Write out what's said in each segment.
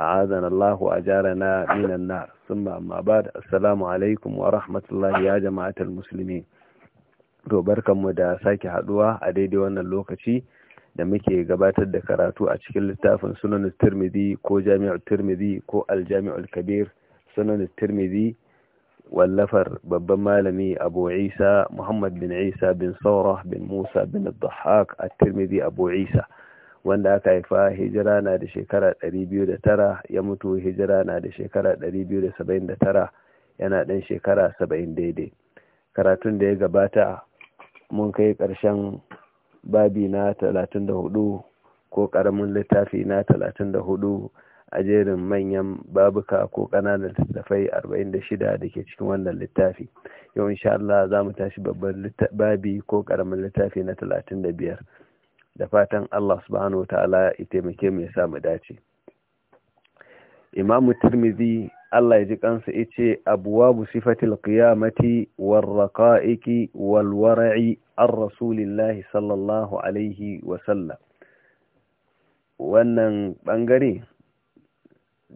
أعاذنا الله وأجارنا من النار ثم أما بعد السلام عليكم ورحمة الله يا جماعة المسلمين to barkanmu da sake haduwa a daidai wannan lokaci da muke gabatar da karatu a cikin littafin sunan tirmidhi ko jami'u tirmidhi ko aljami'ul kabir sunan tirmidhi wallafar babban malami abu isa muhammad bin isa bin saurah bin musa bin dhahak at-tirmidhi abu isa wanda aka haifa hijira na da shekara 209 ya mutu hijira na da shekara 279 yana ɗan shekara 70 daidai karatun da ya gabata mun kai ƙarshen babi na 34 ko ƙaramin littafi na 34 a jerin manyan babuka ko ƙananan littattafai 46 da ke cikin wannan littafi yau insha Allah za mu tashi babban babi ko ƙaramin littafi na 35 da fatan Allah subhanahu ta'ala ya taimake mu ya sa dace Imam Tirmidhi Allah ya ji kansa yace abwabu sifatil qiyamati war raqaiki wal wara'i ar rasulillahi sallallahu alaihi wa sallam wannan bangare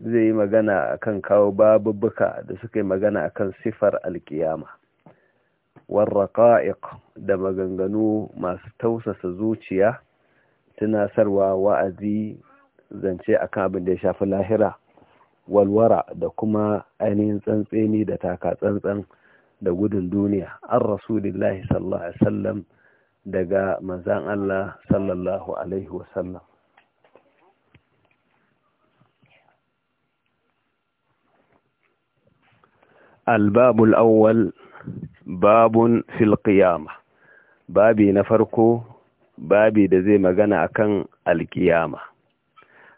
zai yi magana akan kawo babubuka da suka yi magana akan sifar alkiyama warraƙa'iƙ da maganganu masu tausasa zuciya sarwa wa'azi zance a kan abin da ya shafi lahira walwara da kuma ainihin tsantseni da taka tsantsan da gudun duniya an rasulillahi sallallahu alaihi wasallam daga manzan Allah sallallahu alaihi wasallam albabul awwal babun fil qiyama babi na farko babi da zai magana akan alkiyama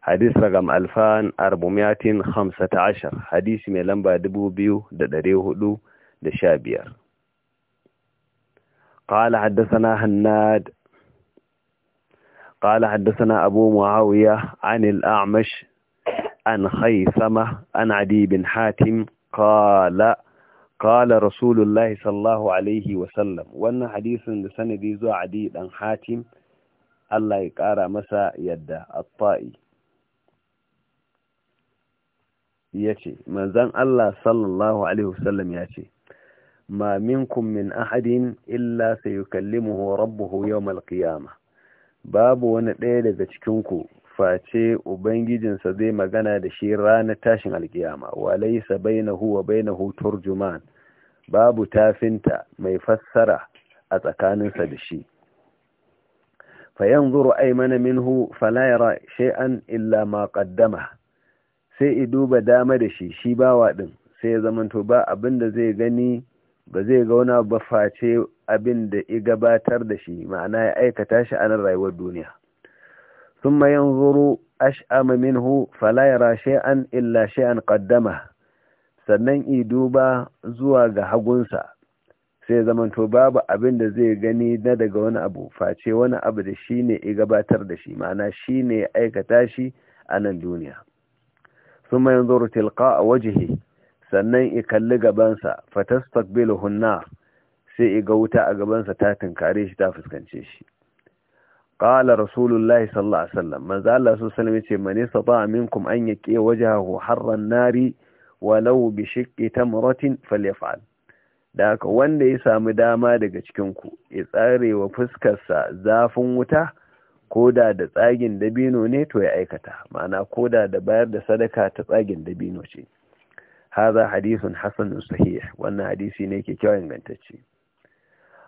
hadis ragam alfan 415 hamsata mai lamba dubu biyu da ɗari hudu da sha biyar قال حدثنا هناد قال حدثنا أبو معاوية عن الأعمش عن خيثمة عن عدي بن حاتم قال Kala Rasulullahi sallahu Alaihi wasallam, wannan hadisin da sanadi zuwa adi ɗan hatim, Allah ya ƙara masa yadda atta'i. Ya ce, Manzan Allah sallallahu Alaihi wasallam ya ce, Ma minkum min ahadin illa sai yi kallimuhu rabbuhu yau malƙiyama, babu wani ɗaya daga cikinku face ubangijinsa zai magana da shi ranar tashin alkiyama wa laisa bainahu wa bainahu turjuman babu tafinta mai fassara a tsakaninsa da shi fayanzuru aymana minhu fala yara shay'an illa ma qaddama sai i duba dama da shi shi bawa din sai ya zamanto ba abinda zai gani ba zai ga wani ba face abin da i gabatar da shi ma'ana ya aikata shi a nan rayuwar duniya ثم ينظر أشأم منه فلا يرى شيئا إلا شيئا قدمه sannan iduba zuwa ga hagunsa sai zamanto babu abin da zai gani na daga wani abu face wani abu da shi ne ya gabatar da shi ma'ana shi ne aikata shi a nan duniya sun mayan zoro tilka a wajihi sannan i kalli gabansa fatastak hunna sai iga ga wuta a gabansa ta tunkare shi ta fuskance shi qala rasulullahi sallallahu alaihi wasallam manzo Allah sallallahu alaihi wasallam yace man yastata minkum an yaqi wajhahu harran nari walau bi shiqqi tamratin da haka wanda ya samu dama daga cikin ku ya tsare wa fuskarsa zafin wuta koda da tsagin dabino ne to ya aikata ma'ana koda da bayar da sadaka ta tsagin dabino ce hadha hadisin Hassan sahih wannan hadisi ne ke kyau ingantacce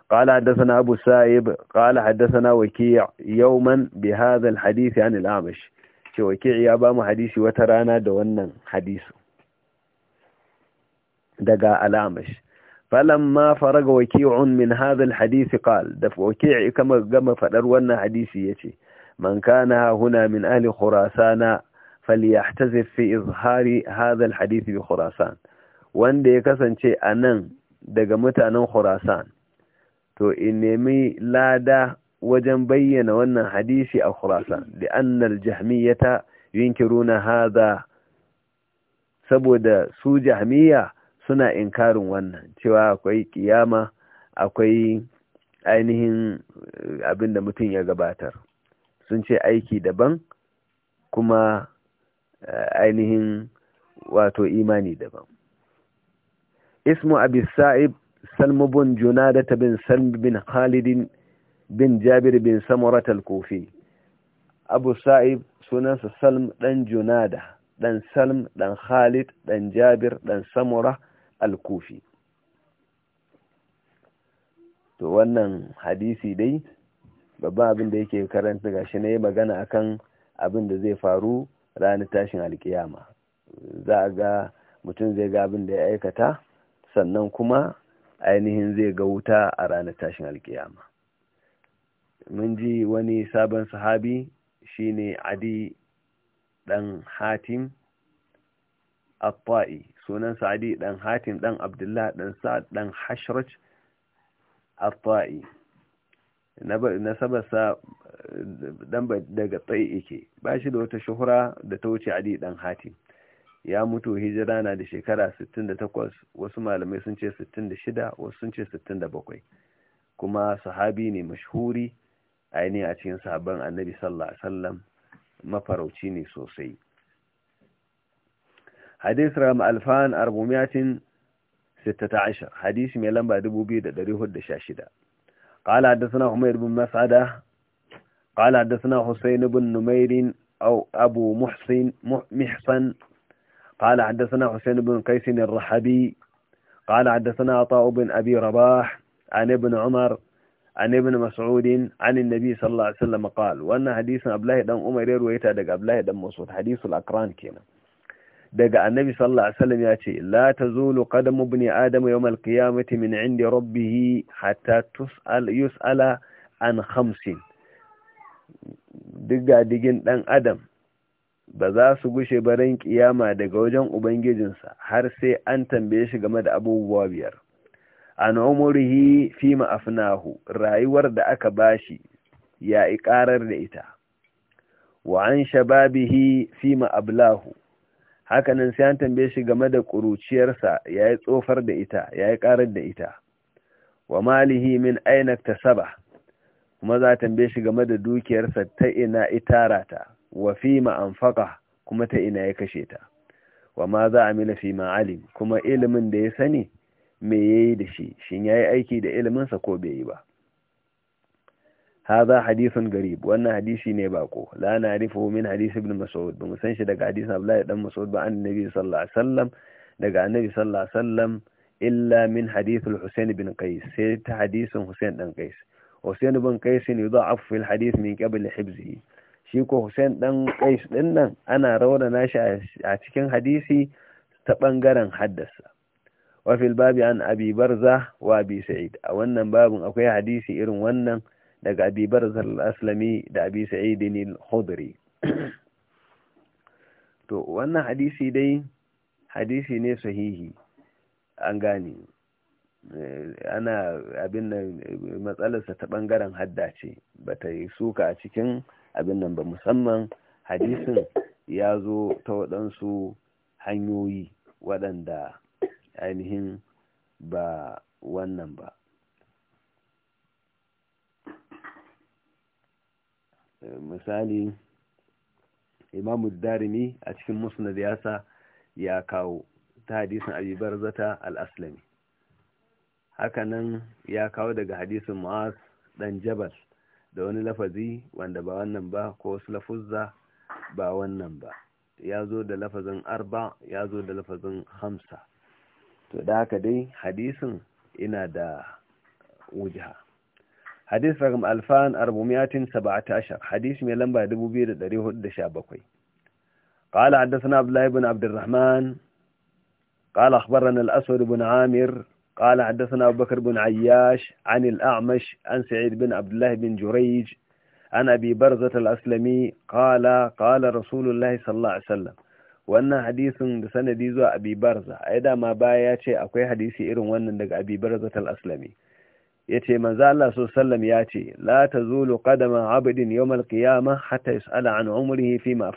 قال حدثنا أبو سايب قال حدثنا وكيع يوما بهذا الحديث عن الأعمش وكيع يابام حديثي وترانا دونا حديث دقاء الأعمش فلما فرق وكيع من هذا الحديث قال دف وكيع كما قم فدرونا حديثي يتي من كان هنا من أهل خراسانا فليحتزف في إظهار هذا الحديث بخراسان وان دي كسان چه أنن دقى متانا خراسان to in nemi lada wajen bayyana wannan hadisi a khurasan da annal jahmiyata yunkiruna hadha saboda su jahmiya suna inkarin wannan cewa akwai kiyama akwai ainihin eh, abinda mutum ya gabatar sun ce aiki daban kuma eh, ainihin wato imani daban ismu abi sa'ib سلم بن جنادة بن سلم بن خالد بن جابر بن سمرة الكوفي أبو سائب سننس سلم دن جنادة دن سلم دن خالد دن جابر دن سمرة الكوفي to wannan hadisi dai babban abin da yake karanta gashi ne magana akan abin da zai faru ranar tashin alkiyama za a ga mutum zai ga abin da ya aikata sannan kuma ainihin zai ga wuta a ranar tashin alkiyama mun ji wani sabon sahabi shine adi dan hatim abba'i sunan sa'adi dan hatim dan abdullah dan sa'ad dan hashraj at-ta'i nasabarsa eh, dan daga tsaye ike ba shi da wata shuhura da ta wuce adi dan hatim ya mutu hijira na da shekara 68 wasu malamai sun ce 66 wasu sun ce 67 kuma sahabi ne mashhuri ainihin a cikin sahabban annabi sallallahu alaihi wasallam mafarauci ne sosai hadis ram alfan 416 hadisi mai lamba 2416 qala hadathana umayr بن mas'ada qala hadathana husayn بن numayr أو أبو محسن محسن قال حدثنا حسين بن قيس الرحبي قال حدثنا عطاء بن أبي رباح عن ابن عمر عن ابن مسعود عن النبي صلى الله عليه وسلم قال وأن حديث أبلاه دم أمير رويته دق أبلاه دم مسعود حديث الأقران كينا دق النبي صلى الله عليه وسلم يأتي لا تزول قدم ابن آدم يوم القيامة من عند ربه حتى تسأل يسأل عن خمس دق دقين دان أدم ba za su gushe barin ƙiyama daga wajen ubangijinsa har sai an tambaye shi game da abubuwa biyar an umurhi fi afnahu rayuwar da aka bashi ya iƙarar da ita wa an shababihi fi Haka hakanan sai an tambaye shi game da ƙuruciyarsa ya yi tsofar da ita ya yi ƙarar da ita wa malihi min ainak ta saba kuma za a tambaye shi game da dukiyarsa ta ina itarata wa fi ma'amfaka kuma ta ina ya kashe ta wa ma za a mila fi ma'alim kuma ilimin da ya sani me ya yi da shi shi ya yi aiki da iliminsa ko bai yi ba haza hadisun garib wannan hadisi ne bako la na harifu min hadisi ibn mas'ud ba san shi daga hadisin abdullahi dan mas'ud ba annabi sallallahu alaihi wasallam daga annabi sallallahu alaihi wasallam illa min hadithul husain bin qais sai ta hadisin husain dan qais husain bin qais ne yudha'af fil hadith min qabl hibzihi shi ko Hussein dan Qais din nan ana raunana shi a cikin hadisi ta bangaren haddasa wa fil babi an Abi Barza wa Abi Sa'id a wannan babin akwai hadisi irin wannan daga Abi Barza al-Aslami da Abi Sa'id al-Khudri to wannan hadisi dai hadisi ne sahihi an gane Eh, ana abin nan matsalarsa ta bangaren hadda ce ba ta yi suka a cikin abin nan ba musamman hadisin ya zo ta waɗansu hanyoyi waɗanda ainihin ba wannan ba eh, misali imamu darimi a cikin musnad yasa ya kawo ta hadisin abibar zata al-aslami hakanan ya kawo daga hadisin mu'az dan jabal da wani lafazi wanda ba wannan ba ko wasu lafuzza ba wannan ba ya zo da lafazin arba ya zo da lafazin hamsa to da haka dai hadisin ina da wujha hadis ragam alfan arbumiyatin saba'ata ashar hadis mai lamba da da dubu biyu sha bakwai قال حدثنا عبد الله بن عبد الرحمن قال أخبرنا الأسود بن عامر قال حدثنا أبو بكر بن عياش عن الأعمش عن سعيد بن عبد الله بن جريج عن أبي برزة الأسلمي قال قال رسول الله صلى wannan hadisin da sanadi zuwa abi barza ai dama baya ya ce akwai hadisi irin wannan daga abi barza tal aslami ya ce manzo Allah so sallam ya ce la tazulu qadama abdin yawm al qiyamah hatta yus'ala an umrihi fi ma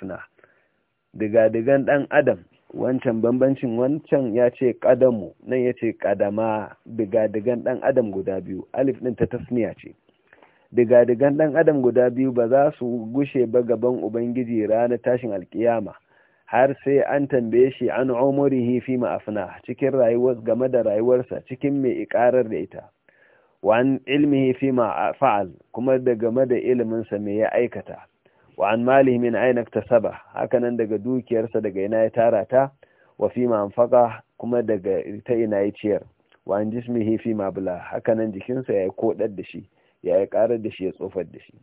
diga digan dan adam wancan bambancin wancan ya ce ƙadamu nan ya ce ƙadama digadigan ɗan adam guda biyu alif ɗin ta tasniya ce digadigan ɗan adam guda biyu ba za su gushe ba gaban ubangiji ranar tashin alkiyama har sai an tambaye shi an umurihi fi ma'afina cikin rayuwar game da rayuwarsa cikin mai ikarar da ita wa an ilmihi fi ma fa'al kuma da game da iliminsa me ya aikata wa an malihi min aina iktasaba haka nan daga dukiyarsa daga ina ya tara ta wa fi ma anfaqa kuma daga ta ina ya ciyar wa an jismihi fi ma bula haka nan jikinsa ya kodar da shi ya yi karar da shi ya tsofar da shi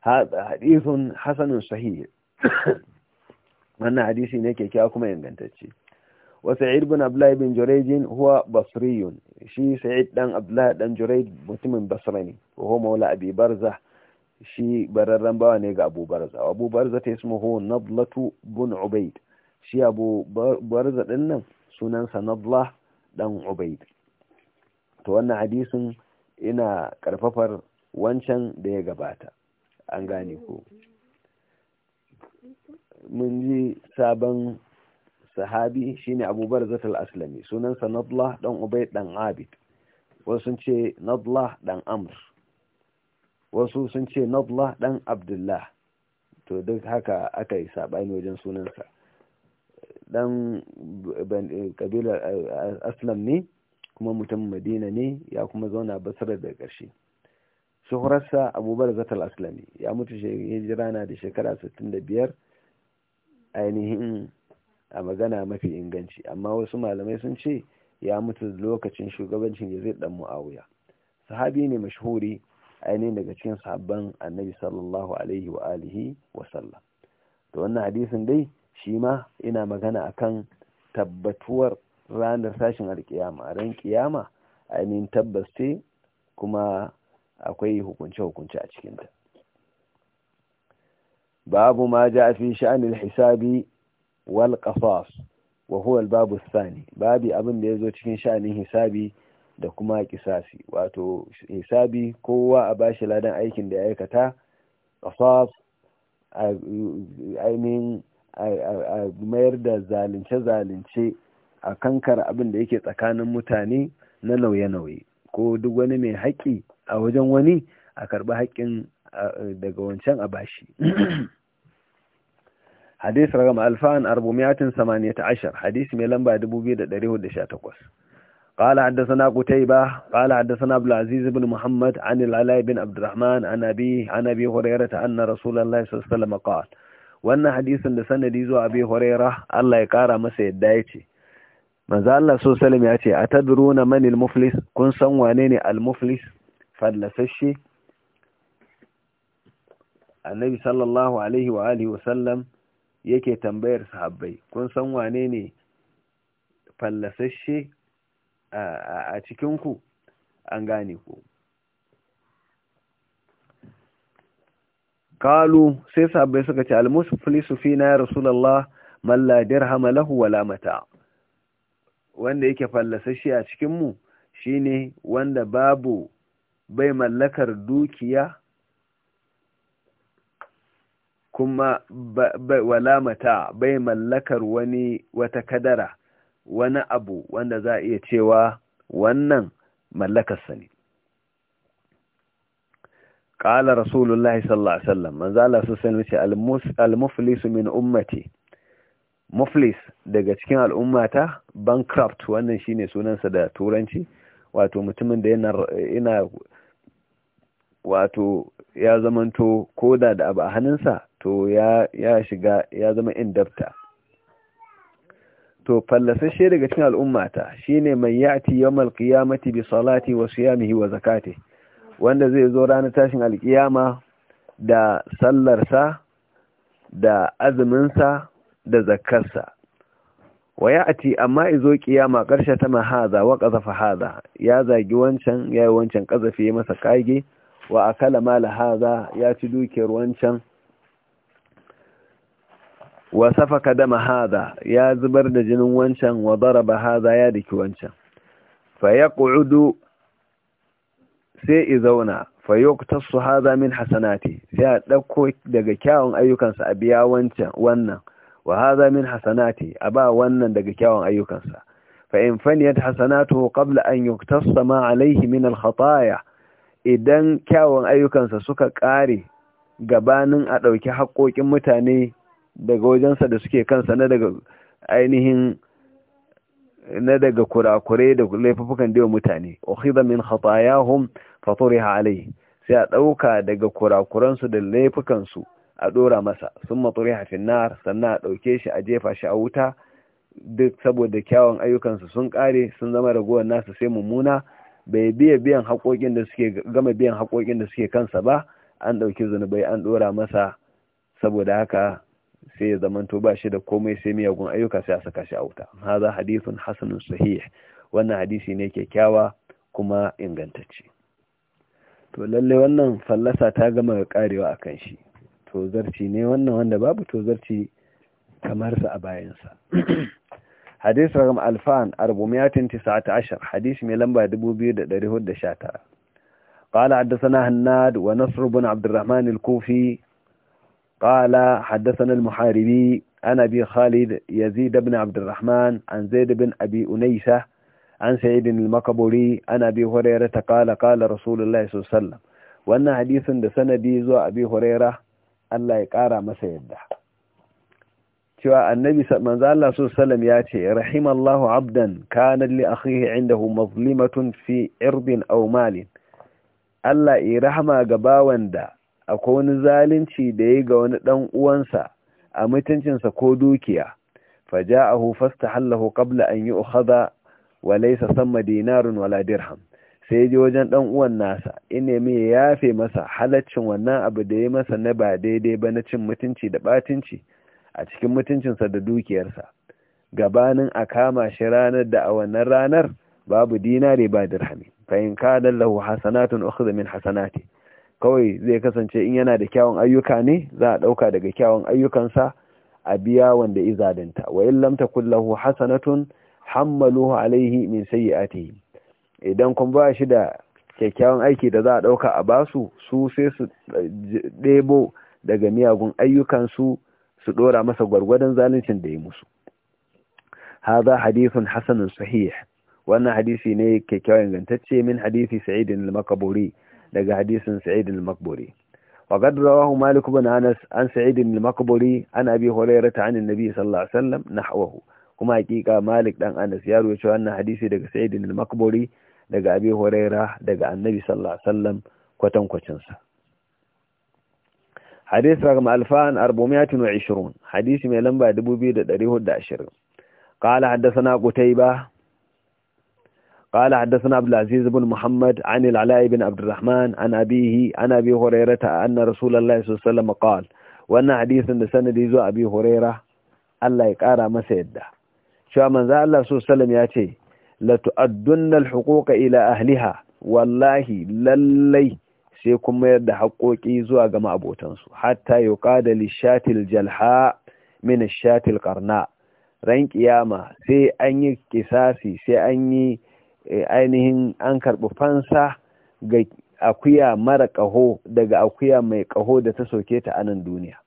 hadithun hasanun sahih wannan hadisi ne kyakkyawa kuma ingantacce wa sa'id bin abla bin jurayj huwa basriyun shi sa'id dan abdullahi dan jurayj mutumin basra ne wa huwa abi barza shi bararren bawa ne ga abu barza abu barza ta ismuhu nadlatu bun ubaid shi abu barza din nan sunansa nadla dan ubaid to wannan hadisin ina karfafar wancan da ya gabata an gane ko mun ji sabon sahabi shine abu barza al-aslami sunansa nadla dan ubaid dan abid wasu sun ce nadla dan amr wasu sun ce nadla dan abdullah to duk haka aka yi saɓani wajen sunansa dan kabilar eh, eh, aslam ne kuma mutum madina ne ya kuma zauna basirar da ƙarshe shuhurarsa abubuwar zatar aslami ya mutu hijira na da shekara 65 ainihin a magana mafi inganci amma wasu malamai sun ce ya mutu lokacin shugabancin yazid dan mu'awiya sahabi ne mashahuri. ainihin daga cikin sahabban annabi sallallahu alaihi wa alihi wa sallam to wannan hadisin dai shi ma ina magana akan tabbatuwar ranar sashin alkiyama ran kiyama ainihin tabbas ce kuma akwai hukunce-hukunce a cikinta babu ma ja fi sha'anil hisabi wal qasas wa huwa al babu thani babi abin da yazo cikin sha'anin hisabi da kuma kisasi wato hisabi kowa a bashi ladan aikin da ya aikata qasas a mayar da zalunce-zalunce a kankar abin da yake tsakanin mutane na nauye-nauye ko duk wani mai haƙƙi a wajen wani a karɓi haƙƙin daga wancan a bashi hadis ragama alfa'an 418 hadis mai lamba 2418 قال حدثنا قتيبة قال حدثنا عبد العزيز بن محمد عن العلاء بن عبد الرحمن عن أبيه عن أبي هريرة أن رسول الله صلى الله عليه وسلم قال وأن حديث لسند زو أبي هريرة الله يقارى مسيد دايتي maza Allah so salam ya ce a tadruna manil muflis kun san wane al-muflis fallasashe annabi sallallahu alaihi wa wa sallam yake tambayar sahabbai kun san wane ne fallasashe a cikinku an gane ku kalu sai sabai suka ce almusuflisu na ya rasulallah, man la lahu wanda yake fallasashi a cikinmu, shi ne wanda babu bai mallakar dukiya kuma walamata bai mallakar wani wata kadara wani abu wanda za a iya cewa wannan mallakarsa ne ƙala rasulullahi sallallahu alaihi wasallam zala su sallallahu alaihi al muflisu min ummati muflis daga cikin al'ummata bankrupt wannan shine sunansa da turanci wato mutumin da yana wato ya zamanto koda da abu a hannunsa to ya shiga ya zama indabta to fallasashe daga cikin al'ummata shine mai ya'ti yawmal qiyamati bi salati wa siyamihi wa zakati wanda zai zo ranar tashin alkiyama da sallar sa da azuminsa da zakarsa. wa ya'ti amma izo kiyama karshe ta mahaza wa qazafa haza ya zagi wancan yayi wancan kazafe masa kage wa akala mala lahaza ya ci dukiyar wancan wa safaka dama haza ya zubar da jinin wancan wa daraba haza ya diki wancan fa yaq'udu sai i zauna fa yuktasu haza min hasanati sai a dauko daga kyawun ayyukansa a biya wancan wannan wa haza min hasanati a ba wannan daga kyawun ayyukansa fa in faniyat hasanatuhu qabla an yuktasa ma alaihi min al idan kyawun ayyukansa suka kare gabanin a ɗauki haƙoƙin mutane daga wajensa da suke kansa na daga ainihin na daga kurakure da laifukan da mutane ukhidha min khatayahum faturiha alayhi sai a dauka daga kurakuransu da laifukansu a dora masa summa turiha fi nar sannan a dauke shi a jefa shi a wuta duk saboda kyawun ayyukansu sun kare sun zama ragowar nasu sai mummuna bai biya biyan haƙoƙin da suke gama biyan hakokin da suke kansa ba an ɗauki zunubai an ɗora masa saboda haka sai ya zamanto ba shi da komai sai miyagun ayyuka sai a saka shi a wuta haza hadithun hasanun sahih wannan hadisi ne kyakkyawa kuma ingantacce to lalle wannan fallasa ta gama karewa a kan shi to zarci ne wannan wanda babu to zarci kamar sa a bayansa hadis rakam alfan 419 hadisi mai lamba 2419 قال عدسنا هناد ونصر بن عبد الرحمن الكوفي قال حدثنا المحاربي أنا أبي خالد يزيد بن عبد الرحمن عن زيد بن أبي أنيسة عن سعيد المقبري أنا أبي هريرة قال قال رسول الله صلى الله عليه وسلم وأن حديث دسنا ديزو أبي هريرة الله يقارى ما سيده شواء النبي صلى الله عليه ya ce rahimallahu abdan kana li akhihi indahu mazlimatun fi irdin aw malin Allah ya rahama ga bawan da akwai wani zalunci da ya ga wani dan uwansa a mutuncinsa ko dukiya faja'ahu fastahallahu qabla an yu'khadha wa laysa samma dinarun wala dirham sai ya je wajen dan uwan nasa in mai ya yafe masa halaccin wannan abu da ya masa na ba daidai ba na cin mutunci da batunci a cikin mutuncinsa da dukiyarsa gabanin a kama shi ranar da a wannan ranar babu dinare ba dirhami fa in kana lahu hasanatun ukhudha min hasanati kawai zai kasance in yana da kyawun ayyuka ne za a ɗauka daga kyawun ayyukansa a biya wanda izadinta wa in lam takul lahu hasanatun hammaluhu alaihi min sayyi'atihi idan kun ba shi da kyakkyawan aiki da za a ɗauka a basu su sai su eh, ɗebo daga miyagun ayyukansu su ɗora masa gwargwadon zaluncin da ya musu haza hadithun hasanun sahih wannan hadisi ne kyakkyawan gantacce min hadisi sa'idin al-makaburi daga hadisin sa'id al-makburi wa qad rawahu malik ibn anas an sa'id al-makburi an abi hurairah an nabi sallallahu alaihi wasallam nahwahu kuma hakika malik dan anas ya rawaito wannan hadisi daga sa'id al-makburi daga abi hurairah daga annabi sallallahu alaihi wasallam kwatan kwacin sa hadis rakam 2420 hadisi mai lamba 2420 qala haddathana qutaiba قال حدثنا عبد العزيز بن محمد عن العلاء بن عبد الرحمن عن أبيه عن أبي هريرة أن رسول الله صلى الله عليه وسلم قال وأن حديث سند يزو أبي هريرة الله يقارى مسيدة شو من ذا الله صلى الله عليه وسلم يأتي لتؤدن الحقوق إلى أهلها والله للي سيكم يد حقوق يزو أقام أبو تنسو حتى يقاد للشاة الجلحاء من الشاة القرناء ran kiyama سي an كساسي سي sai Eh, ainihin an karɓi fansa ga akuya mara ƙaho daga akuya mai ƙaho da ta soke ta anan duniya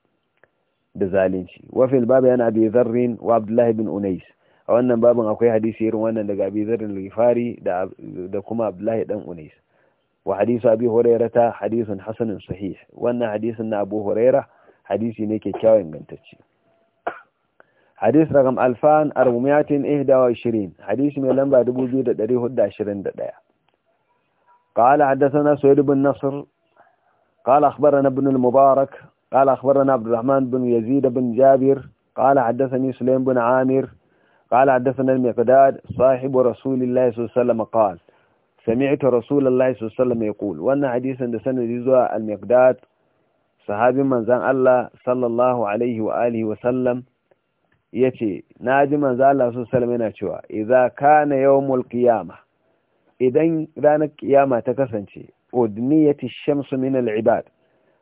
da zalunci Wafin babu yana abi zarrin wa abdullahi bin unais a wannan babin akwai hadisi irin wannan daga abi zarrin lifari da kuma abdullahi ɗan unais wa hadisu abi huraira ta hadisun hasanin sahih wannan hadisin na abu huraira hadisi ne kyakkyawan ingantacce حديث رقم 2421 حديث من ishirin hadisi mai lamba dubu biyu قال حدثنا سويد بن نصر قال أخبرنا ابن المبارك قال أخبرنا عبد الرحمن بن يزيد بن جابر قال حدثني سليم بن عامر قال حدثنا المقداد صاحب رسول الله صلى الله عليه وسلم قال سمعت رسول الله صلى الله عليه وسلم يقول وأن حديثا دسنة جزوى المقداد صحابي من زان الله صلى الله عليه وآله وسلم ya ce na ji manzala su yana cewa iza ka na yawon qiyama idan ranar kiyama ta kasance odniyati shamsu min al'ibad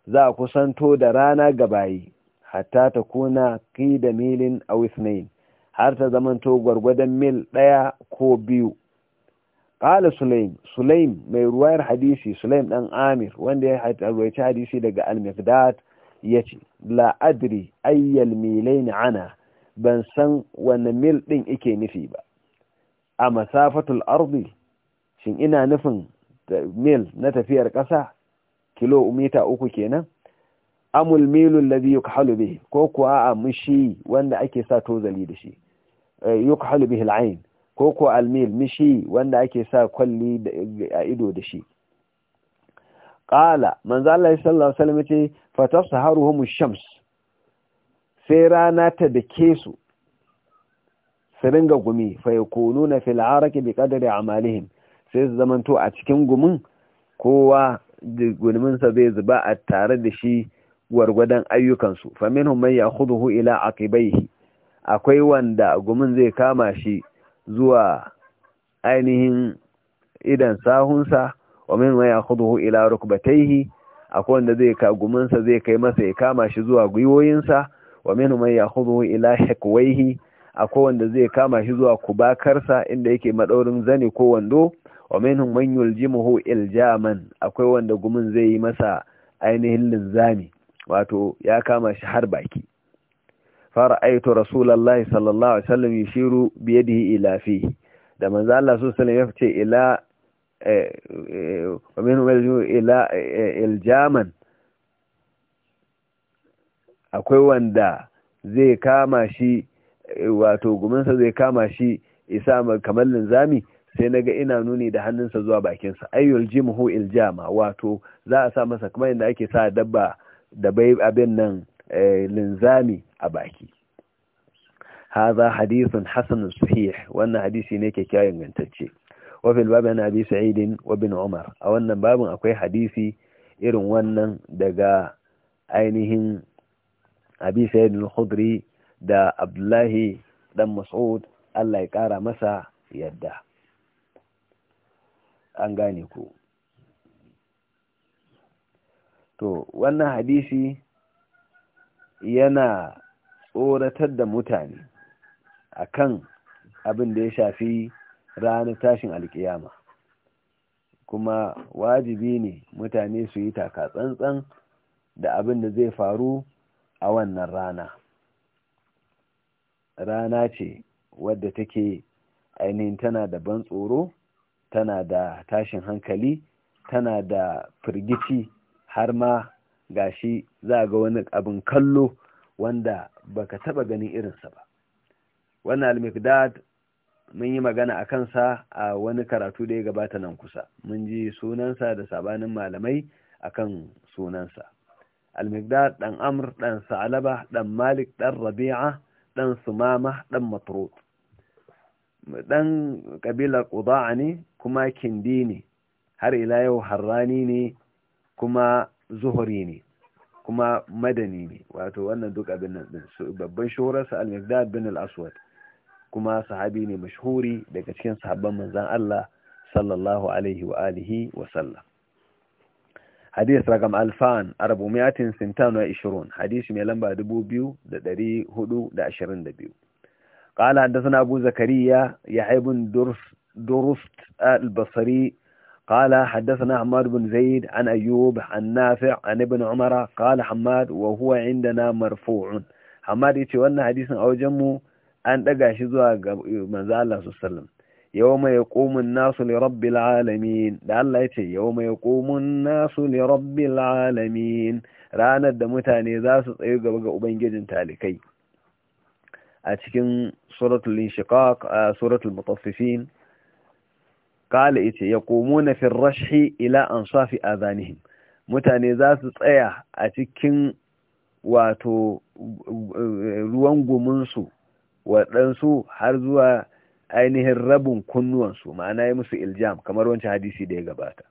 za a kusanto da rana gabayi hatta ta kuna ki milin a wisnayin har ta zamanto gwargwadon mil ɗaya ko biyu ƙala sulaim sulaim mai ruwayar hadisi sulaim ɗan amir wanda ya ruwaici hadisi daga al-mikdad ya ce la'adri ayyal milai ana ban san wani mil ɗin ike nufi ba a masafatul ardi shin ina nufin mil na tafiyar ƙasa kilo mita uku kenan amul milun ladhi yukhalu bihi ko kuwa a mushi wanda ake sa tozali da shi eh, yukhalu bihi al'ain ko ko almil mishi wanda ake sa kwalli a ido da shi qala manzo Allah sallallahu alaihi wasallam yace fatasharuhum shams sai rana ta dake su su ringa gumi fa yakununa fil araki bi a amalihim sai su zamanto a cikin gumin kowa gulminsa zai zuba a tare da shi gwargwadon ayyukansu faminhum man hu ila aqibaihi akwai wanda gumin zai kama shi zuwa ainihin idan sahunsa wa min man hu ila rukbataihi akwai wanda zai ka zai kai masa ya kama shi zuwa gwiwoyinsa wa minhum man ya'khudhu ila hakwayhi akwai wanda zai kama shi zuwa kubakarsa inda yake madaurin zani ko wando wa minhum man yuljimuhu iljaman akwai wanda gumin zai yi masa ainihin linzami wato ya kama shi har baki fara'aitu rasulullahi sallallahu alaihi wasallam yashiru bi yadihi ila fi da manzo Allah sallallahu alaihi wasallam ya ce ila eh, eh, wa minhum ila eh, iljaman akwai wanda zai kama shi eh, wato guminsa zai kama shi isa kamar linzami sai na ga ina nuni da hannunsa zuwa bakinsa ayyul jimhu iljama wato za a sa masa kamar yadda ake sa dabba da bai abin nan eh, linzami a baki hadha hadithun hasan sahih wannan hadisi ne kyakkyawan ingantacce wa fil babu na abi sa'id wa bin umar a wannan babin akwai hadisi irin wannan daga ainihin abi sayyid khudri da abdullahi dan mas'ud Allah ya kara masa yadda an gane ku to wannan hadisi yana tsoratar da mutane akan abin da ya shafi ranar tashin alkiyama kuma wajibi ne mutane su yi taka tsantsan da abin da zai faru a wannan rana rana ce wadda take ainihin tana da ban tsoro tana da tashin hankali tana da firgici har ma gashi za ga wani abin kallo wanda baka taba ganin irinsa ba wannan almikdad mun yi magana a kansa a wani karatu da ya gabata nan kusa mun ji sunansa da sabanin malamai akan sunansa al-miqdad dan amr dan sa'laba dan malik dan rabi'a dan sumama dan matrud dan kabilar qudaa kuma kindi har ila yau harrani ne kuma zuhuri ne kuma madani ne wato wannan duk abin nan din babban shuhurarsa al-miqdad bin al-aswad kuma sahabi ne mashhuri daga cikin sahabban manzon Allah sallallahu alaihi wa alihi wa sallam hadis ragam alfan arabu miyatin sintano ya ishirun hadisi mai lamba dubu biyu da ɗari hudu da ashirin da biyu ƙala haddasa abu zakariya ya haibun durust al-basari قال حدثنا حماد بن زيد عن أيوب عن نافع عن ابن عمر قال حماد وهو عندنا مرفوع حماد يتي وانا حديثا أو أن تقع شزوها ذا الله صلى الله عليه وسلم yawma yaqumun nasu li rabbil alamin da Allah yace yawma yaqumun nasu li rabbil alamin ranar da mutane za su gaba ga ubangijin talikai a cikin suratul inshiqaq suratul mutaffifin kala yace yaqumuna fi ar-rashhi ila ansafi adhanihim mutane za su tsaya a cikin wato ruwan gumunsu waɗansu har zuwa ainihin rabin kunnuwansu ma'ana ya musu iljam kamar wancan hadisi da ya gabata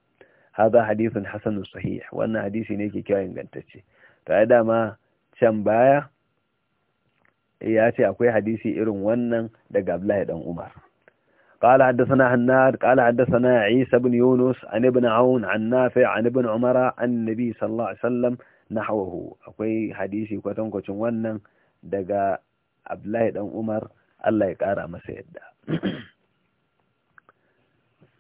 haza hadisin hasanun sahih wannan hadisi ne ke kyau ingantacce ta yi dama can baya ya ce akwai hadisi irin wannan daga abdullahi dan umar قال حدثنا هناد قال حدثنا عيسى بن يونس عن ابن عون عن نافع عن ابن عمر عن النبي صلى الله عليه وسلم نحوه akwai hadisi كوتن wannan daga abdullahi dan umar Allah ya ƙara masa yadda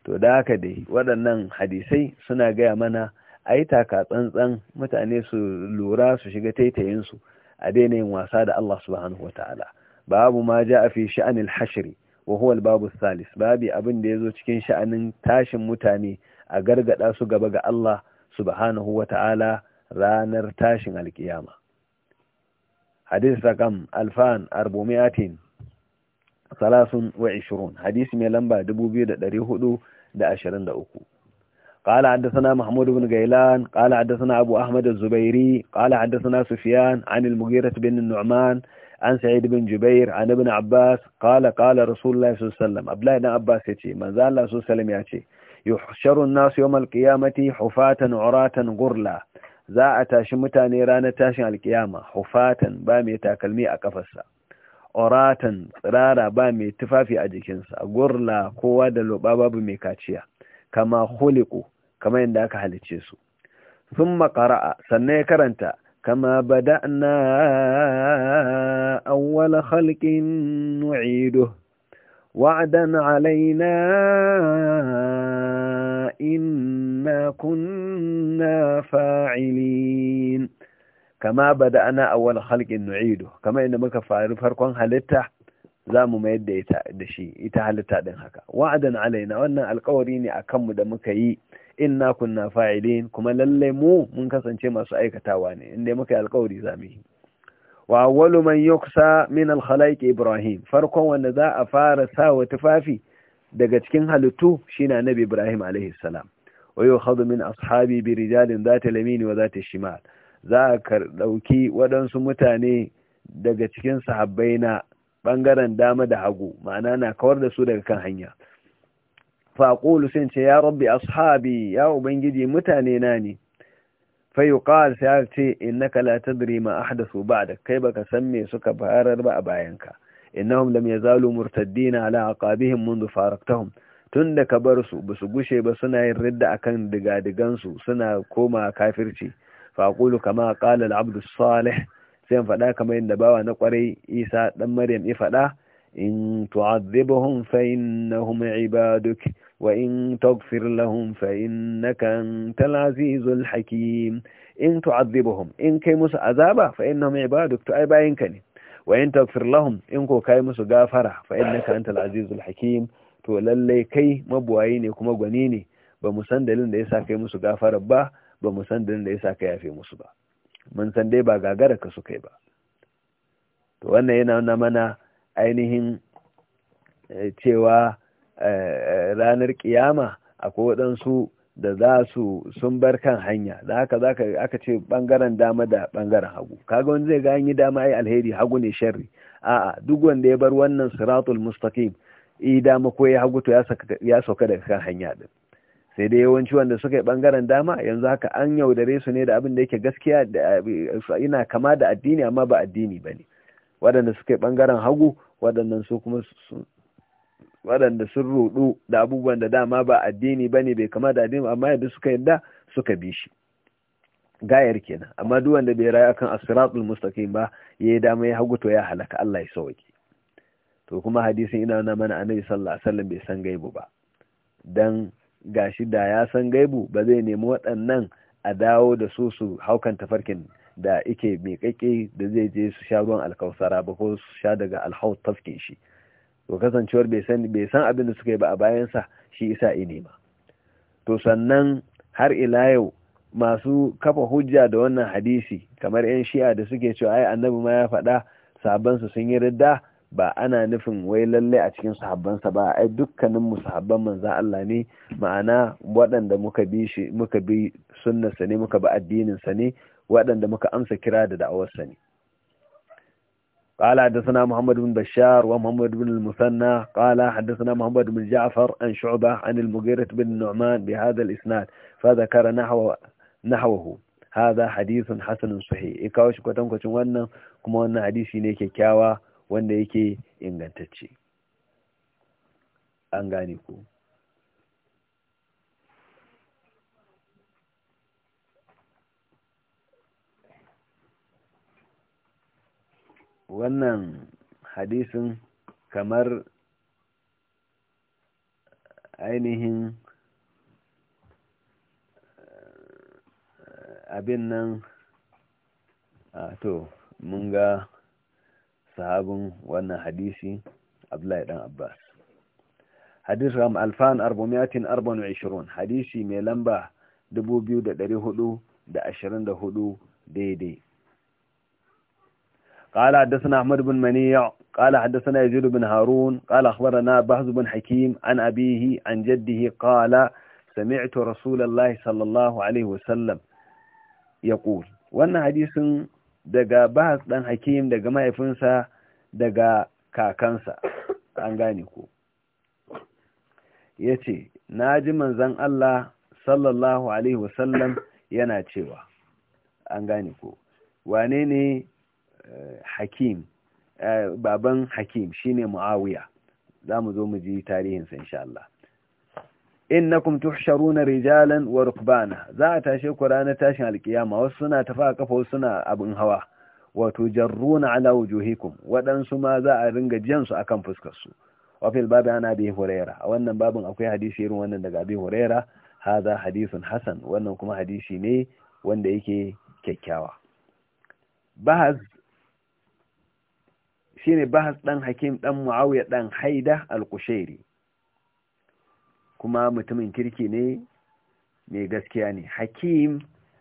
to da haka dai waɗannan hadisai suna gaya mana a yi taka tsantsan mutane su lura su shiga taitayinsu a daina yin wasa da Allah subhanahu wa ta'ala babu ma ja a fi sha'anil hashiri wahuwal babu salis babu abin da ya zo cikin sha'anin tashin mutane a gargada su gaba ga Allah subhanahu wa ta'ala ranar tashin alkiyama hadis rakam alfan arbumiatin salasun wa ishirun hadisi mai lamba dubu biyu da ɗari hudu da ashirin da uku قال حدثنا محمود بن غيلان قال حدثنا أبو أحمد الزبيري قال حدثنا سفيان عن المغيرة بن النعمان عن سعيد بن جبير عن ابن عباس قال قال رسول الله صلى الله عليه وسلم أبلا ابن عباس يتي من ذا الله صلى الله عليه وسلم يتي يحشر الناس يوم القيامة حفاة عراة غرلا ذا أتاش متاني رانا تاشن القيامة حفاة بام يتاكلمي أكفصا oratan tsirara ba mai tufafi a jikinsa gurla kowa da loba babu mai kaciya kama huliku kama yadda aka halice su sun makara'a sannan ya karanta kama bada'na awwala nu'ido wa'adan alaina علينا إنا kunna فاعلين kama bada ana awal halkin nu'idu kama inda muka faru farkon halitta za mu mayar da da shi ita halitta din haka wa'adan alaina wannan alkawari ne akan mu da muka yi inna kunna fa'ilin kuma lallai mu mun kasance masu aikatawa ne inda muka yi alkawari za mu yi wa awwalu man yuksa min al ibrahim farkon wanda za a fara sa wa tufafi daga cikin halittu shine annabi ibrahim alaihi salam wa min ashabi bi rijalin dhati al-yamin wa dhati al-shimal za a ɗauki waɗansu mutane daga cikin sahabbai na ɓangaren dama da hagu ma'ana na kawar da su daga kan hanya faƙulu sun ce ya rabbi ashabi ya ubangiji mutane na ne ƙawar sai ya ce in na kalata tadri ma ba da kai baka san me suka farar ba a bayanka innahum lam yazalu murtaddina ala aqabihim منذ فارقتهم tun da ka bar su ba su gushe ba suna yin ridda akan digadigan su suna koma kafirci faƙulu kama ƙalal abdu salih sai in faɗa kamar yadda bawa na ƙwarai isa ɗan maryam ya faɗa in tu'adhibuhum fa innahum ibaduk wa in taghfir lahum fa innaka antal azizul hakim in tu'adhibuhum in kai musu azaba fa innahum ibaduk to ai ka ne wa in taghfir lahum in ko kai musu gafara fa innaka antal azizul hakim to lallai kai mabuwayi ne kuma gwani ne ba mu san dalilin da yasa kai musu gafara ba ba mu san da ya sa ka yafe musu ba mun san dai ba gagara ka suka yi ba to wannan yana nuna mana ainihin eh, cewa eh, ranar kiyama akwai waɗansu da za su sun bar kan hanya da haka za ka aka ce bangaren dama da ɓangaren hagu kaga wani zai ganyi dama ai alheri hagu ne sharri a'a duk wanda ya bar wannan siratul mustaqim i dama ko ya hagu to ya sauka daga kan hanya din sai dai yawanci wanda suka yi bangaren dama yanzu haka an yaudare su ne da abin da yake gaskiya da ina kama da addini amma ba addini ba ne waɗanda suka yi bangaren hagu waɗannan su kuma waɗanda sun rudu da abubuwan da dama ba addini ba ne bai kama da addini amma yadda suka yi da suka bi shi gayar kenan amma duk wanda bai rayu akan asiratul mustaqim ba yayi dama ya hagu to ya halaka Allah ya sauke to kuma hadisin ina nuna mana annabi sallallahu alaihi wasallam bai san gaibu ba dan gashi da ya san gaibu ba zai nemi waɗannan a dawo da su su haukan tafarkin da ike miƙaƙe da zai je su sha ruwan alkausara ba ko su sha daga alhaut tafkin shi to kasancewar bai san abin da suka yi ba a bayansa shi isa inima to sannan har ila yau masu kafa hujja da wannan hadisi kamar 'yan shi'a da suke cewa ai annabi ma ya faɗa sabansu sun yi ridda ba ana nufin wai lallai a cikin sahabbansa ba ai dukkanin mu sahabban manzon Allah ne ma'ana waɗanda muka bi shi muka bi sunnarsa ne muka bi addinin sa ne waɗanda muka amsa kira da da'awarsa ne قال حدثنا محمد بن بشار ومحمد بن المثنى قال حدثنا محمد بن جعفر عن شعبة عن المغيرة بن النعمان بهذا الإسناد فذكر نحو نحوه هذا حديث حسن صحيح إكاوش كتن كتن كما وانا حديثي نيكي كاوا wanda yake ingantacce an gane ku wannan hadisin kamar ainihin eh, abin nan a ah, to mun ga sahabin wannan hadisi abdullahi dan abbas hadis ram alfan 424 hadisi mai lamba 2424 daidai قال حدثنا أحمد بن منيع قال حدثنا يزيد بن هارون قال أخبرنا بهز بن حكيم عن أبيه عن جده قال سمعت رسول الله صلى الله عليه وسلم يقول وأن حديث daga bas ɗan hakim daga mahaifinsa daga kakansa an gane ko ya ce na ji manzan Allah sallallahu alaihi wasallam yana cewa an gane ko wane ne eh, hakim eh, baban hakim shine muawiya za mu zo mu ji tarihinsa insha Allah innakum tuhsharuna rijalan wa rukbana za a tashe ku ranar tashin alkiyama wasu suna tafa a kafa wasu suna abin hawa wato jarruna ala wujuhikum waɗansu ma za a ringa jiyan su akan fuskar su wa fil babi ana bi huraira a wannan babin akwai hadisi irin wannan daga bi huraira hadha hadithun hasan wannan kuma hadisi ne wanda yake kyakkyawa bahaz shine bahas dan hakim dan muawiya dan haida al-qushairi kuma mutumin kirki ne mai gaskiya ne hakim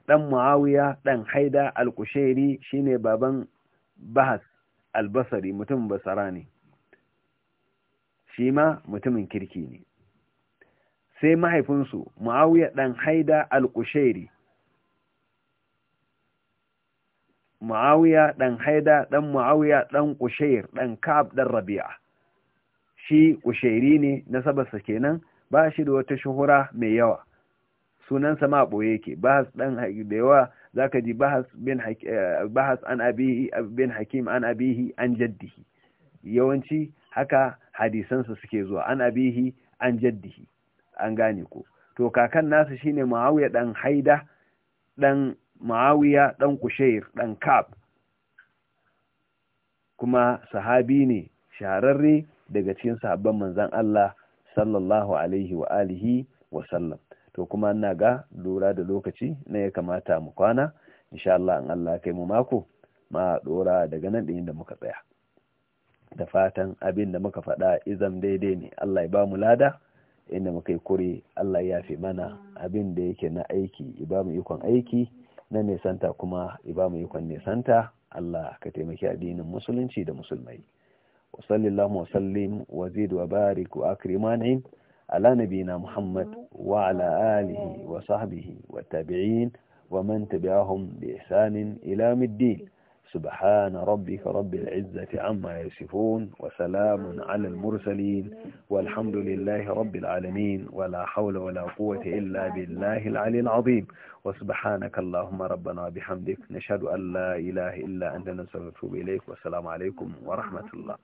ɗan muawiya ɗan haida al-kushairi shine baban bahas albasari mutumin basara ne shi ma mutumin kirki ne sai mahaifinsu muawiya ɗan haida al-kushairi Muawiya ɗan Haida ɗan Muawiya ɗan Kushair ɗan Ka'ab ɗan Rabi'a shi Kushairi ne nasabarsa kenan ba shi da wata shuhura mai yawa sunansa ma ɓoye yake bahas ɗan da yawa za ka ji eh, bahas an abihi bin hakim an abihi an jaddihi yawanci haka hadisansa suke zuwa an abihi an jaddihi an gane ko to kakan nasu shine muawiya dan haida ɗan muawiya ɗan kushair ɗan kab kuma sahabi ne shahararre daga cikin sahabban manzon Allah sallallahu alaihi wa alihi wa sallam to kuma ina ga lura da lokaci na ya kamata mu kwana insha Allah in Allah kai mu mako ma dora daga nan din da muka tsaya da fatan abin da muka faɗa izam daidai ne Allah ya ba mu lada inda muka yi kure Allah ya fi mana abin da yake na aiki ya ikon aiki na nesanta kuma ya ba mu ikon nesanta Allah ka taimaki addinin musulunci da musulmai وصلي اللهم وسلم وزيد وبارك وأكرم وأنعم على نبينا محمد وعلى آله وصحبه والتابعين ومن تبعهم بإحسان إلى الدين سبحان ربك رب العزة عما يصفون وسلام على المرسلين والحمد لله رب العالمين ولا حول ولا قوة إلا بالله العلي العظيم وسبحانك اللهم ربنا بحمدك نشهد أن لا إله إلا أنت نستغفرك إليك والسلام عليكم ورحمة الله